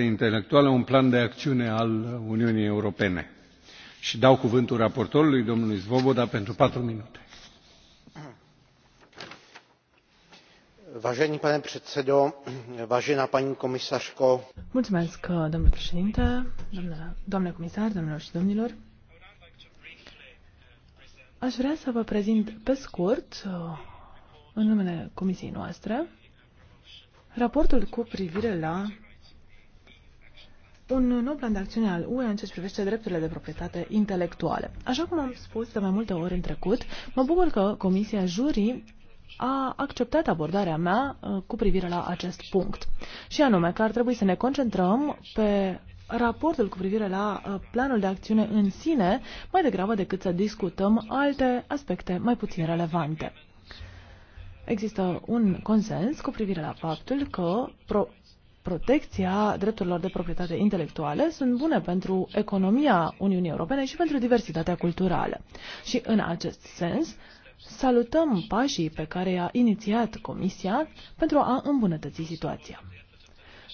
intelectuală un plan de acțiune al uniunii europene și dau cuvântul raportorului domnului swoboda pentru patru minute. vážený pane předsedo vážená paní komisařko mulțumesc domnule președinte Domnule comisar doamnelor și domnilor aș vrea să vă prezint pe scurt în numele comisiei noastre raportul cu privire la un nou plan de acțiune al UE în ce privește drepturile de proprietate intelectuale. Așa cum am spus de mai multe ori în trecut, mă bucur că Comisia Jurii a acceptat abordarea mea uh, cu privire la acest punct. Și anume că ar trebui să ne concentrăm pe raportul cu privire la uh, planul de acțiune în sine, mai degrabă decât să discutăm alte aspecte mai puțin relevante. Există un consens cu privire la faptul că pro protecția drepturilor de proprietate intelectuală sunt bune pentru economia Uniunii Europene și pentru diversitatea culturală. Și în acest sens, salutăm pașii pe care i-a inițiat Comisia pentru a îmbunătăți situația.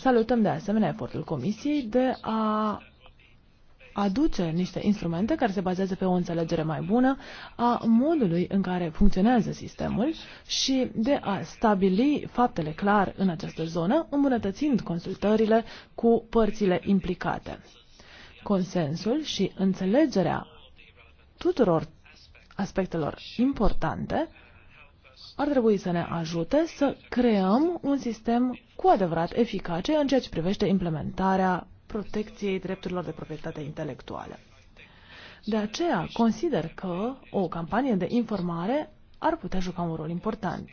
Salutăm de asemenea efortul Comisiei de a aduce niște instrumente care se bazează pe o înțelegere mai bună a modului în care funcționează sistemul și de a stabili faptele clar în această zonă, îmbunătățind consultările cu părțile implicate. Consensul și înțelegerea tuturor aspectelor importante ar trebui să ne ajute să creăm un sistem cu adevărat eficace în ceea ce privește implementarea protecției drepturilor de proprietate intelectuală. De aceea, consider că o campanie de informare ar putea juca un rol important.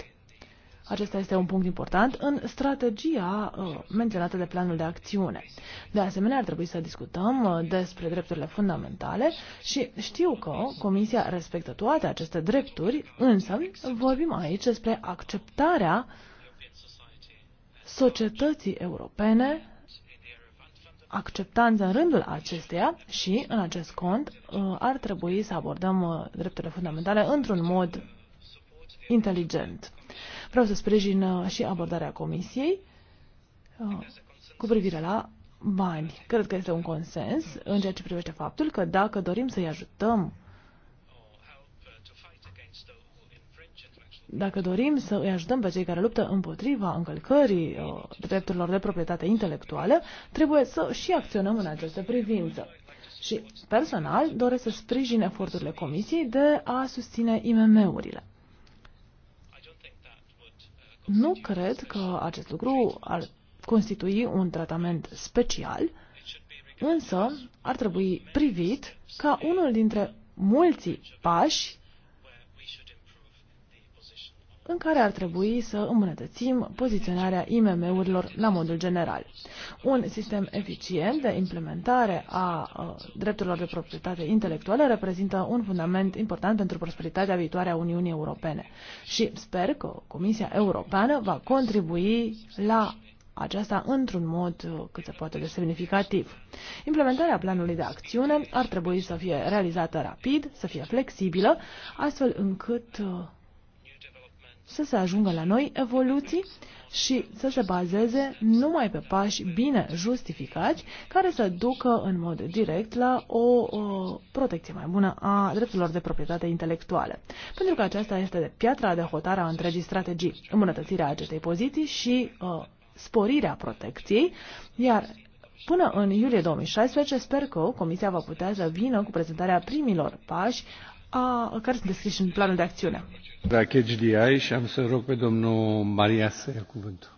Acesta este un punct important în strategia uh, menționată de planul de acțiune. De asemenea, ar trebui să discutăm uh, despre drepturile fundamentale și știu că Comisia respectă toate aceste drepturi, însă vorbim aici despre acceptarea societății europene acceptanță în rândul acesteia și, în acest cont, uh, ar trebui să abordăm uh, drepturile fundamentale într-un mod inteligent. Vreau să sprijin uh, și abordarea Comisiei cu privire la bani. Cred că este un consens în ceea ce privește faptul că dacă dorim să-i ajutăm dacă dorim să îi ajutăm pe cei care luptă împotriva încălcării uh, drepturilor de proprietate intelectuală, trebuie să și acționăm în această privință. Și, personal, doresc să sprijin eforturile Comisiei de a susține IMM-urile. Nu cred că acest lucru ar constitui un tratament special, însă ar trebui privit ca unul dintre mulți pași în care ar trebui să îmbunătățim poziționarea IMM-urilor la modul general. Un sistem eficient de implementare a drepturilor de proprietate intelectuală reprezintă un fundament important pentru prosperitatea viitoare a Uniunii Europene și sper că Comisia Europeană va contribui la aceasta într-un mod uh, cât se poate de semnificativ. Implementarea planului de acțiune ar trebui să fie realizată rapid, să fie flexibilă, astfel încât uh, să se ajungă la noi evoluții și să se bazeze numai pe pași bine justificați care să ducă în mod direct la o, o protecție mai bună a drepturilor de proprietate intelectuală. Pentru că aceasta este de piatra de hotare a întregii strategii, îmbunătățirea acestei poziții și uh, sporirea protecției, iar Până în iulie 2016, sper că Comisia va putea să vină cu prezentarea primilor pași a, care sunt descriși în planul de acțiune. La da, HDI și am să rog pe domnul Maria să ia cuvântul.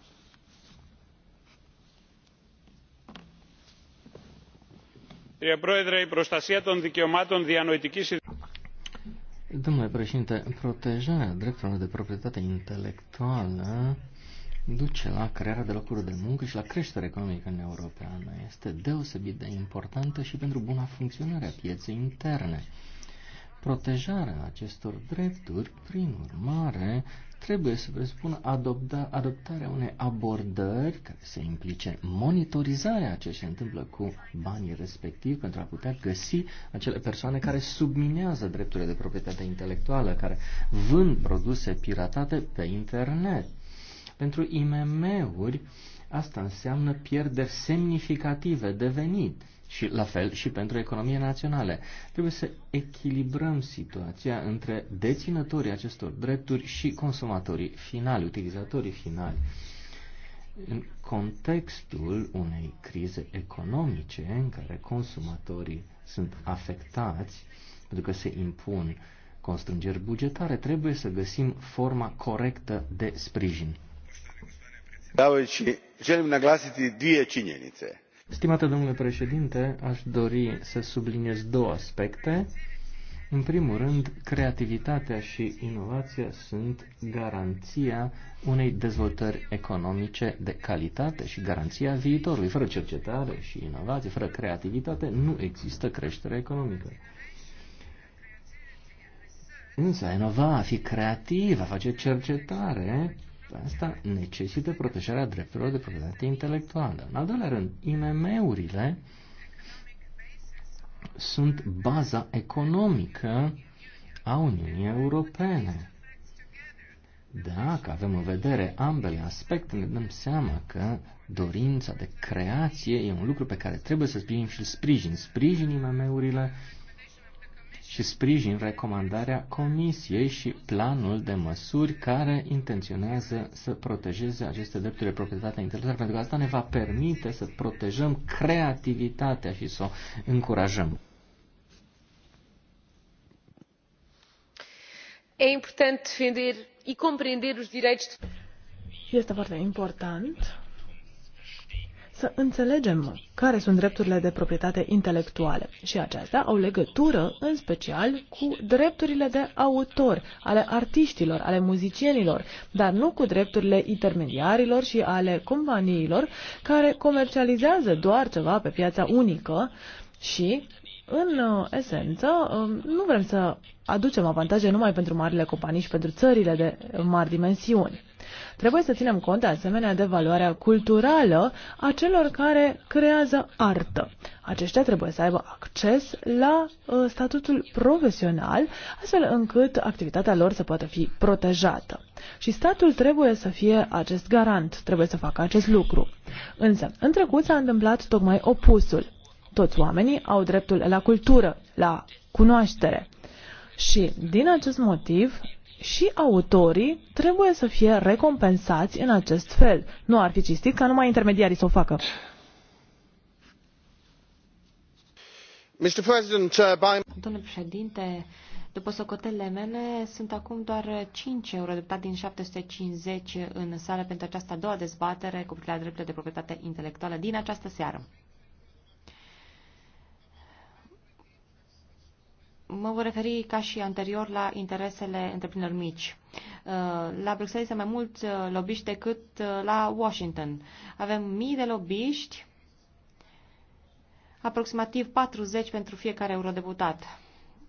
Domnule președinte, protejarea drepturilor de proprietate intelectuală duce la crearea de locuri de muncă și la creșterea economică în europeană. Este deosebit de importantă și pentru buna funcționare a pieței interne. Protejarea acestor drepturi, prin urmare, trebuie să spun adopta, adoptarea unei abordări care să implice monitorizarea a ce se întâmplă cu banii respectivi pentru a putea găsi acele persoane care subminează drepturile de proprietate intelectuală, care vând produse piratate pe internet. Pentru IMM-uri, Asta înseamnă pierderi semnificative de venit și la fel și pentru economie naționale. Trebuie să echilibrăm situația între deținătorii acestor drepturi și consumatorii finali, utilizatorii finali. În contextul unei crize economice în care consumatorii sunt afectați pentru că se impun constrângeri bugetare, trebuie să găsim forma corectă de sprijin. Da, și želim naglasiti dvije činjenice. Stimate domnule președinte, aș dori să subliniez două aspecte. În primul rând, creativitatea și inovația sunt garanția unei dezvoltări economice de calitate și garanția viitorului. Fără cercetare și inovație, fără creativitate, nu există creștere economică. Însă, a inova, a fi creativ, a face cercetare, asta necesită protejarea drepturilor de proprietate intelectuală. În al doilea rând, IMM-urile sunt baza economică a Uniunii Europene. Dacă avem în vedere ambele aspecte, ne dăm seama că dorința de creație e un lucru pe care trebuie să sprijin și sprijin. Sprijin IMM-urile, și sprijin recomandarea Comisiei și planul de măsuri care intenționează să protejeze aceste drepturi de proprietate intelectuală, pentru că asta ne va permite să protejăm creativitatea și să o încurajăm. E important defender e compreender os direitos. Este foarte important să înțelegem care sunt drepturile de proprietate intelectuale și acestea au legătură în special cu drepturile de autor ale artiștilor, ale muzicienilor, dar nu cu drepturile intermediarilor și ale companiilor care comercializează doar ceva pe piața unică și în uh, esență, um, nu vrem să aducem avantaje numai pentru marile companii și pentru țările de mari dimensiuni. Trebuie să ținem cont de asemenea de valoarea culturală a celor care creează artă. Aceștia trebuie să aibă acces la uh, statutul profesional, astfel încât activitatea lor să poată fi protejată. Și statul trebuie să fie acest garant, trebuie să facă acest lucru. Însă, în trecut s-a întâmplat tocmai opusul toți oamenii au dreptul la cultură, la cunoaștere. Și din acest motiv, și autorii trebuie să fie recompensați în acest fel. Nu ar fi cistit ca numai intermediarii să o facă. Uh, Domnule președinte, după socotele mele, sunt acum doar 5 eurodeputați din 750 în sală pentru această a doua dezbatere cu privire la drepturile de proprietate intelectuală din această seară. Mă voi referi ca și anterior la interesele întreprinderilor mici. Uh, la Bruxelles sunt mai mulți uh, lobiști decât uh, la Washington. Avem mii de lobiști, aproximativ 40 pentru fiecare eurodeputat.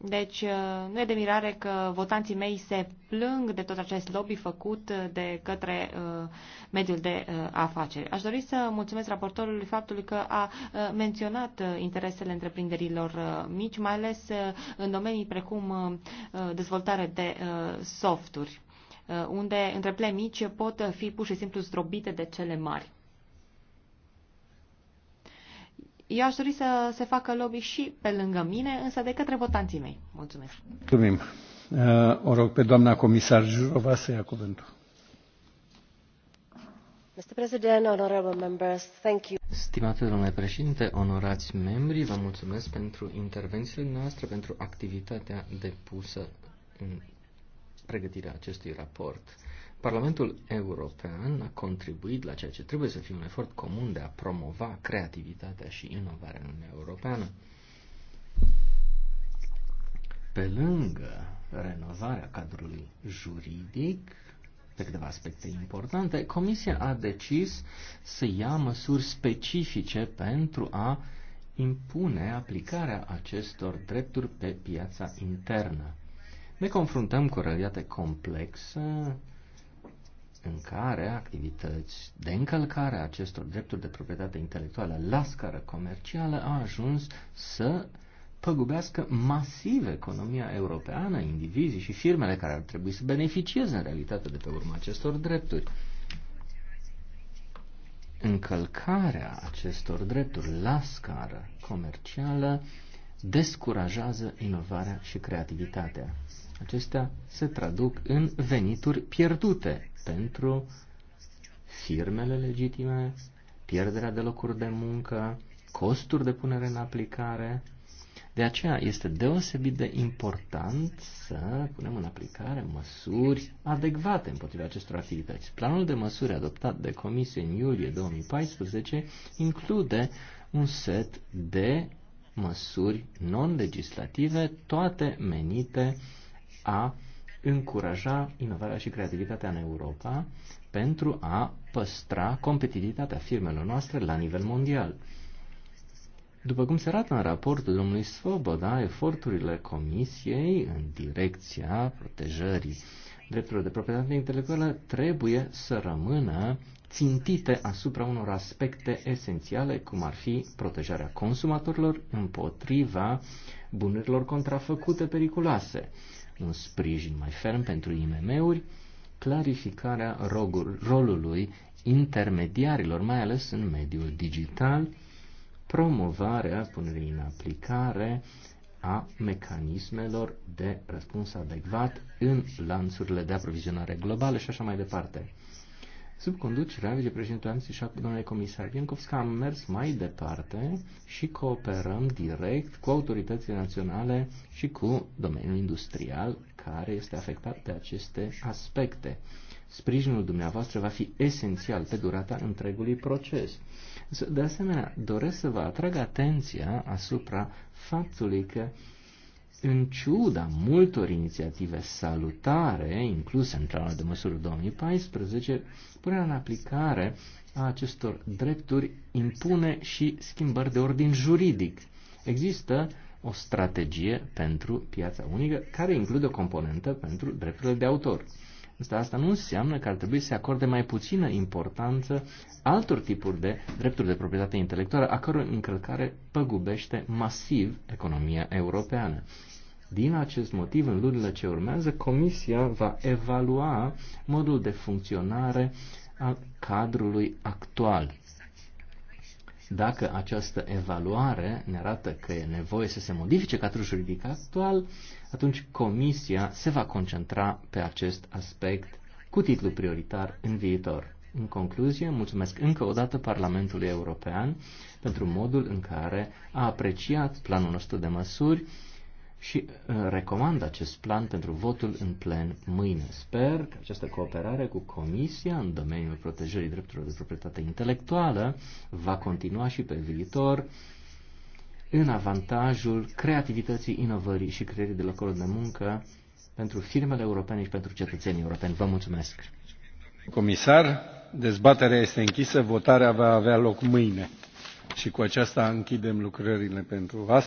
Deci uh, nu e de mirare că votanții mei se plâng de tot acest lobby făcut de către uh, mediul de uh, afaceri. Aș dori să mulțumesc raportorului faptul că a menționat interesele întreprinderilor mici, mai ales în domenii precum dezvoltare de softuri, unde întreprinderile mici pot fi pur și simplu zdrobite de cele mari. Eu aș dori să se facă lobby și pe lângă mine, însă de către votanții mei. Mulțumesc. Mulțumim. Uh, o rog pe doamna comisar Jurova să ia cuvântul. Mr. President, honorable members, thank you. Stimate domnule președinte, onorați membri, vă mulțumesc pentru intervențiile noastre, pentru activitatea depusă în pregătirea acestui raport. Parlamentul European a contribuit la ceea ce trebuie să fie un efort comun de a promova creativitatea și inovarea în Uniunea Europeană. Pe lângă renovarea cadrului juridic, pe câteva aspecte importante, Comisia a decis să ia măsuri specifice pentru a impune aplicarea acestor drepturi pe piața internă ne confruntăm cu o realitate complexă în care activități de încălcare a acestor drepturi de proprietate intelectuală la scară comercială au ajuns să păgubească masiv economia europeană, indivizii și firmele care ar trebui să beneficieze în realitate de pe urma acestor drepturi. Încălcarea acestor drepturi la scară comercială descurajează inovarea și creativitatea. Acestea se traduc în venituri pierdute pentru firmele legitime, pierderea de locuri de muncă, costuri de punere în aplicare. De aceea este deosebit de important să punem în aplicare măsuri adecvate împotriva acestor activități. Planul de măsuri adoptat de Comisie în iulie 2014 include un set de măsuri non-legislative, toate menite a încuraja inovarea și creativitatea în Europa pentru a păstra competitivitatea firmelor noastre la nivel mondial. După cum se arată în raportul domnului Svoboda, eforturile Comisiei în direcția protejării drepturile de proprietate intelectuală trebuie să rămână țintite asupra unor aspecte esențiale, cum ar fi protejarea consumatorilor împotriva bunurilor contrafăcute periculoase, un sprijin mai ferm pentru IMM-uri, clarificarea rogul, rolului intermediarilor, mai ales în mediul digital, promovarea punerii în aplicare a mecanismelor de răspuns adecvat în lanțurile de aprovizionare globale și așa mai departe. Sub conducerea vicepreședintelui și a domnului comisar Pienkovska am mers mai departe și cooperăm direct cu autoritățile naționale și cu domeniul industrial care este afectat de aceste aspecte. Sprijinul dumneavoastră va fi esențial pe durata întregului proces. De asemenea, doresc să vă atrag atenția asupra faptului că în ciuda multor inițiative salutare, incluse în planul de măsură 2014, punerea în aplicare a acestor drepturi impune și schimbări de ordin juridic. Există o strategie pentru piața unică care include o componentă pentru drepturile de autor. Însă asta nu înseamnă că ar trebui să se acorde mai puțină importanță altor tipuri de drepturi de proprietate intelectuală, a căror încălcare păgubește masiv economia europeană. Din acest motiv, în lunile ce urmează, Comisia va evalua modul de funcționare al cadrului actual dacă această evaluare ne arată că e nevoie să se modifice cadrul juridic actual, atunci Comisia se va concentra pe acest aspect cu titlu prioritar în viitor. În concluzie, mulțumesc încă o dată Parlamentului European pentru modul în care a apreciat planul nostru de măsuri și uh, recomand acest plan pentru votul în plen mâine. Sper că această cooperare cu Comisia în domeniul protejării drepturilor de proprietate intelectuală va continua și pe viitor în avantajul creativității, inovării și creierii de locuri de muncă pentru firmele europene și pentru cetățenii europeni. Vă mulțumesc! Comisar, dezbaterea este închisă, votarea va avea loc mâine și cu aceasta închidem lucrările pentru astăzi.